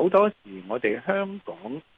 好多時，我哋香港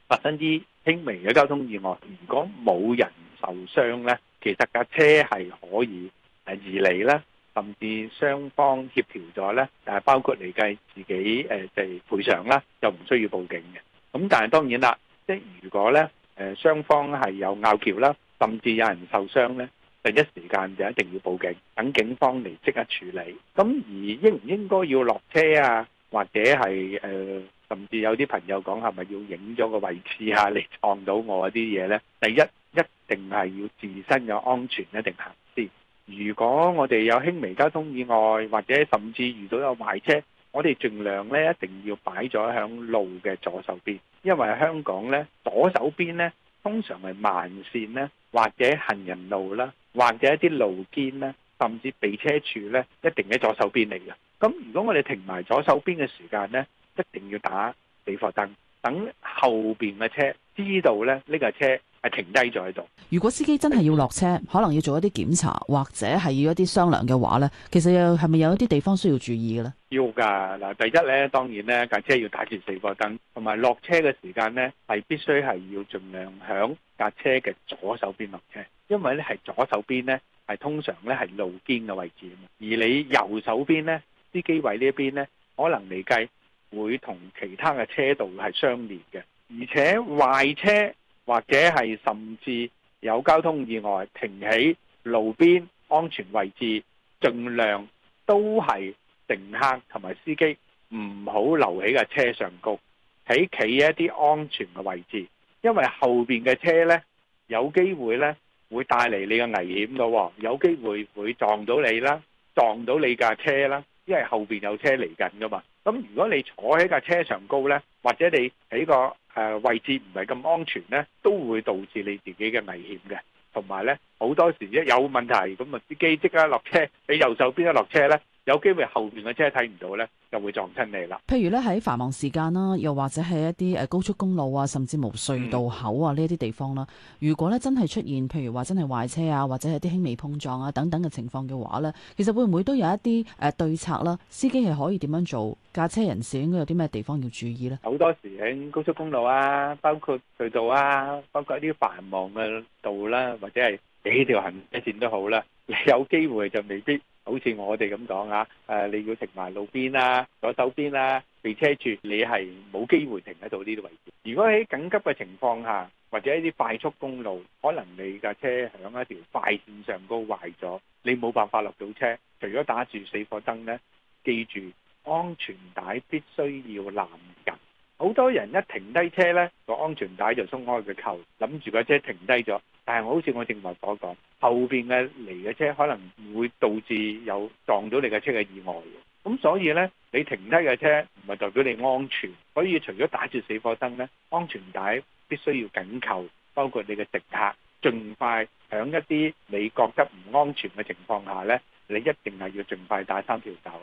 發生啲輕微嘅交通意外，如果冇人受傷呢，其實架車係可以誒移離啦，甚至雙方協調咗呢，誒包括嚟計自己誒就係賠償啦，就唔需要報警嘅。咁但係當然啦，即係如果呢誒雙方係有拗撬啦，甚至有人受傷呢，第一時間就一定要報警，等警方嚟即刻處理。咁而應唔應該要落車啊，或者係誒？甚至有啲朋友講：係咪要影咗個位置吓嚟撞到我啲嘢呢？第一，一定係要自身嘅安全一定行先。如果我哋有輕微交通意外，或者甚至遇到有壞車，我哋盡量呢一定要擺咗喺路嘅左手邊，因為香港呢左手邊呢通常係慢線呢，或者行人路啦，或者一啲路肩呢，甚至避車處呢，一定喺左手邊嚟嘅。咁如果我哋停埋左手邊嘅時間呢，一定要打死火燈，等後邊嘅車知道咧，呢架車係停低咗喺度。如果司機真係要落車， 可能要做一啲檢查，或者係要一啲商量嘅話呢，其實又係咪有一啲地方需要注意嘅咧？要噶嗱，第一呢，當然呢，架車要打住死火燈，同埋落車嘅時間呢，係必須係要盡量響架車嘅左手邊落車，因為呢係左手邊呢，係通常呢係路肩嘅位置。而你右手邊呢，司機位呢一邊咧可能嚟計。會同其他嘅車道係相連嘅，而且壞車或者係甚至有交通意外停喺路邊安全位置，儘量都係乘客同埋司機唔好留喺架車上高，喺企一啲安全嘅位置，因為後邊嘅車呢，有機會呢，會帶嚟你嘅危險嘅，有機會會撞到你啦，撞到你架車啦，因為後邊有車嚟緊噶嘛。咁如果你坐喺架車上高呢，或者你喺個誒、呃、位置唔係咁安全呢，都會導致你自己嘅危險嘅，同埋呢，好多時一有問題咁啊，司機即刻落車，你右手邊一落車呢。有機會後面嘅車睇唔到呢，就會撞親你啦。譬如呢，喺繁忙時間啦，又或者係一啲誒高速公路啊，甚至冇隧道口啊呢啲地方啦。如果呢真係出現，譬如話真係壞車啊，或者係啲輕微碰撞啊等等嘅情況嘅話呢，其實會唔會都有一啲誒對策啦？司機係可以點樣做？駕車人士應該有啲咩地方要注意呢？好多時喺高速公路啊，包括隧道啊，包括一啲繁忙嘅道啦、啊，或者係幾條行車線都好啦、啊，有機會就未必。好似我哋咁講啊，誒你要停埋路邊啦、啊、左手邊啦、啊，被車住你係冇機會停喺度呢啲位置。如果喺緊急嘅情況下，或者一啲快速公路，可能你架車響一條快線上高壞咗，你冇辦法落到車，除咗打住死火燈呢，記住安全帶必須要攬緊。好多人一停低車呢，個安全帶就鬆開個扣，諗住架車停低咗。但係我好似我正話所講，後邊嘅嚟嘅車可能會導致有撞到你嘅車嘅意外嘅，咁所以呢，你停低嘅車唔係代表你安全，所以除咗打住死火燈呢，安全帶必須要緊扣，包括你嘅乘客盡快喺一啲你覺得唔安全嘅情況下呢，你一定係要盡快帶三條走。